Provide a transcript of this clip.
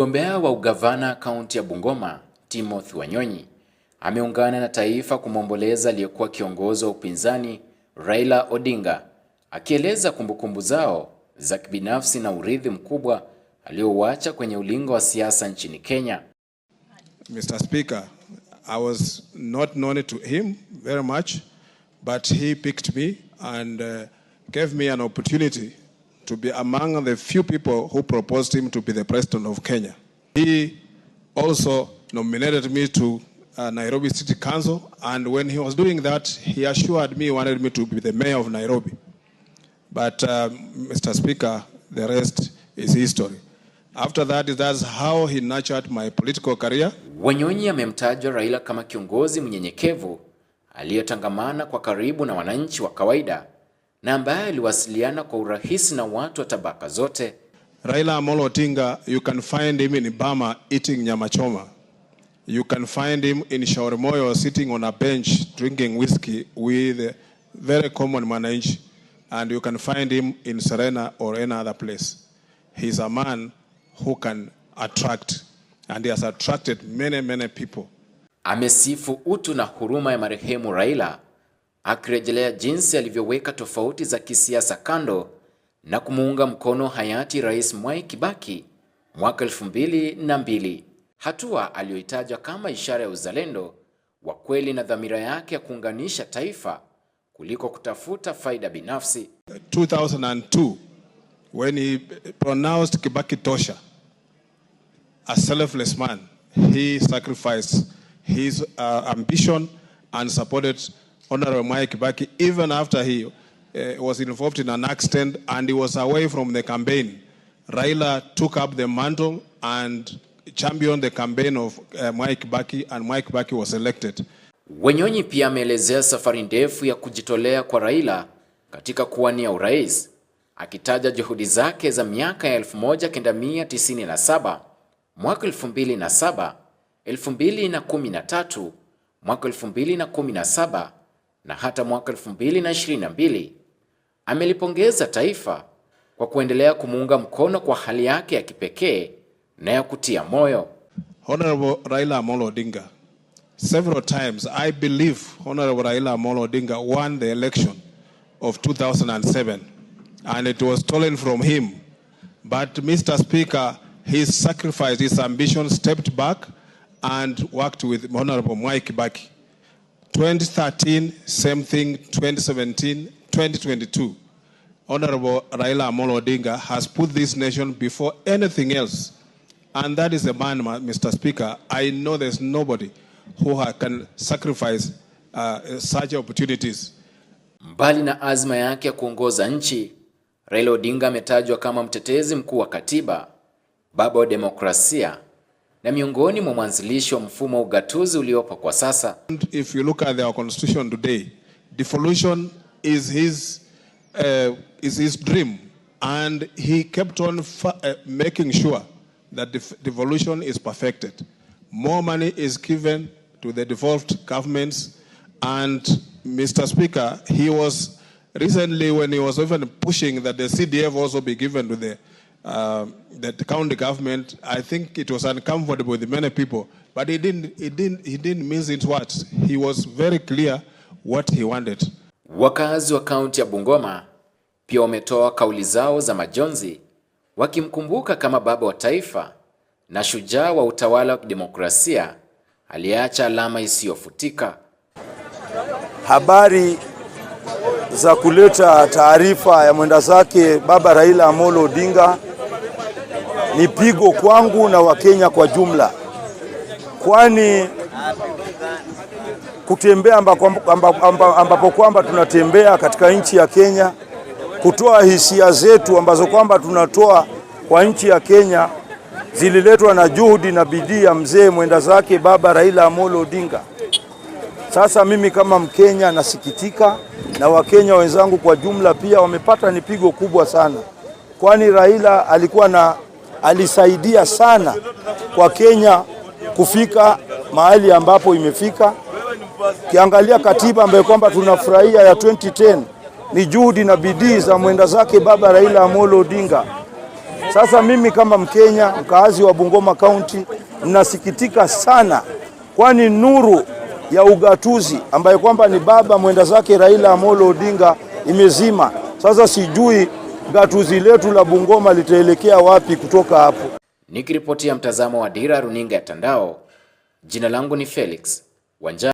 Mgombea wa ugavana kaunti ya Bungoma, Timothy Wanyonyi ameungana na taifa kumwomboleza aliyekuwa kiongozi wa upinzani Raila Odinga, akieleza kumbukumbu zao za kibinafsi na urithi mkubwa aliouacha kwenye ulingo wa siasa nchini Kenya. Mr. Speaker, I was not known to him very much, but he picked me and uh, gave me an opportunity to be among the few people who proposed him to be the president of Kenya. He also nominated me to uh, Nairobi City Council, and when he was doing that, he assured me he wanted me to be the mayor of Nairobi. But, uh, Mr. Speaker, the rest is history. After that, that's how he nurtured my political career. Wanyonyi amemtaja Raila kama kiongozi mnyenyekevu aliyetangamana kwa karibu na wananchi wa kawaida na ambaye aliwasiliana kwa urahisi na watu wa tabaka zote. Raila Amolo Odinga, you can find him in Bama eating nyama choma. You can find him in Shaurimoyo sitting on a bench drinking whiskey with a very common mwananchi and you can find him in Serena or any other place. He is a man who can attract and he has attracted many many people. Amesifu utu na huruma ya marehemu Raila akirejelea jinsi alivyoweka tofauti za kisiasa kando na kumuunga mkono hayati Rais Mwai Kibaki mwaka elfu mbili na mbili, hatua aliyoitaja kama ishara ya uzalendo wa kweli na dhamira yake ya kuunganisha taifa kuliko kutafuta faida binafsi. 2002 when he pronounced Kibaki tosha a selfless man he sacrificed his uh, ambition and supported Honorable Mwai Kibaki, even after he uh, was involved in an accident and he was away from the campaign, Raila took up the mantle and championed the campaign of uh, Mwai Kibaki and Mwai Kibaki was elected. Wenyonyi pia ameelezea safari ndefu ya kujitolea kwa Raila katika kuwania urais, akitaja juhudi zake za miaka ya 1997, mwaka 2007, 2013, mwaka 2017 na hata mwaka 2022 amelipongeza taifa kwa kuendelea kumuunga mkono kwa hali yake ya kipekee na ya kutia moyo. Honorable Raila Amolo Odinga, several times I believe Honorable Raila Amolo Odinga won the election of 2007 and it was stolen from him. But Mr. Speaker, his sacrifice, his ambition, stepped back and worked with Honorable Mwai Kibaki. 2013, same thing, 2017, 2022. Honorable Raila Amolo Odinga has put this nation before anything else. And that is a man, Mr. Speaker. I know there's nobody who can sacrifice uh, such opportunities. Mbali na azma yake ya kuongoza nchi, Raila Odinga ametajwa kama mtetezi mkuu wa katiba, baba wa demokrasia na miongoni mwa mwanzilishi wa mfumo wa ugatuzi uliopo kwa sasa. If you look at our constitution today, devolution is his, uh, is his dream and he kept on uh, making sure that devolution is perfected. More money is given to the devolved governments and Mr. Speaker, he was recently when he was even pushing that the CDF also be given to the uh, that the county government, I think it was uncomfortable with many people, but he didn't, he didn't, he didn't miss it what. He was very clear what he wanted. Wakazi wa kaunti ya Bungoma pia wametoa kauli zao za majonzi wakimkumbuka kama baba wa taifa na shujaa wa utawala wa kidemokrasia aliyeacha alama isiyofutika. Habari za kuleta taarifa ya mwenda zake baba Raila Amolo Odinga ni pigo kwangu na Wakenya kwa jumla, kwani kutembea ambapo amba, amba, amba kwamba tunatembea katika nchi ya Kenya kutoa hisia zetu ambazo kwamba tunatoa kwa nchi ya Kenya zililetwa na juhudi na bidii ya mzee mwenda zake baba Raila Amolo Odinga. Sasa mimi kama Mkenya nasikitika na Wakenya wenzangu kwa jumla pia wamepata ni pigo kubwa sana, kwani Raila alikuwa na alisaidia sana kwa Kenya kufika mahali ambapo imefika. Ukiangalia katiba ambayo kwamba tunafurahia ya 2010 ni juhudi na bidii za mwenda zake baba Raila Amolo Odinga. Sasa mimi kama Mkenya mkaazi wa Bungoma County nasikitika sana, kwani nuru ya ugatuzi ambayo kwamba ni baba mwenda zake Raila Amolo Odinga imezima. Sasa sijui gatuzi letu la Bungoma litaelekea wapi kutoka hapo. ya mtazamo wa Dira Runinga ya Tandao, jina langu ni Felix Wanja.